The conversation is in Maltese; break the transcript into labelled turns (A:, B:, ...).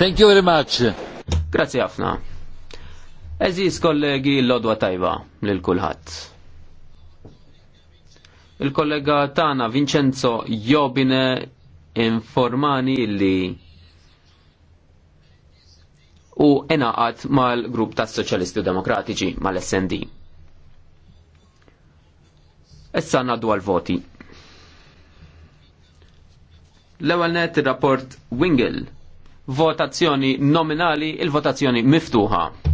A: Thank you very much. Grazzi ħafna. Eżis kollegi l-odwa tajba lil kulħadd. Il-kollega Tana Vincenzo Jobine informani li u enaqat mal-grupp tas soċjalisti u demokratiċi mal-SND. Issa naddu għal-voti. L-ewwel net ir-rapport Wingle votazzjoni nominali, il-votazzjoni miftuħa.